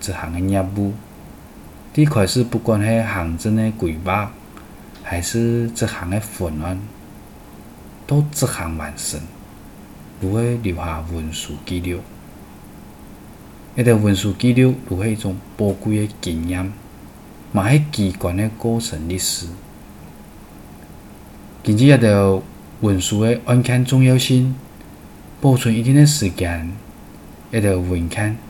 這行嘅業務，佇開始不管係行政嘅規劃，還是這行嘅混亂，都這行完成，如何留下文書記錄？迄條文書記錄如何一種寶貴嘅經驗，嘛係機關嘅過程歷史。並且，阿條文書嘅安全重要性，保存一定嘅時間，阿條文件。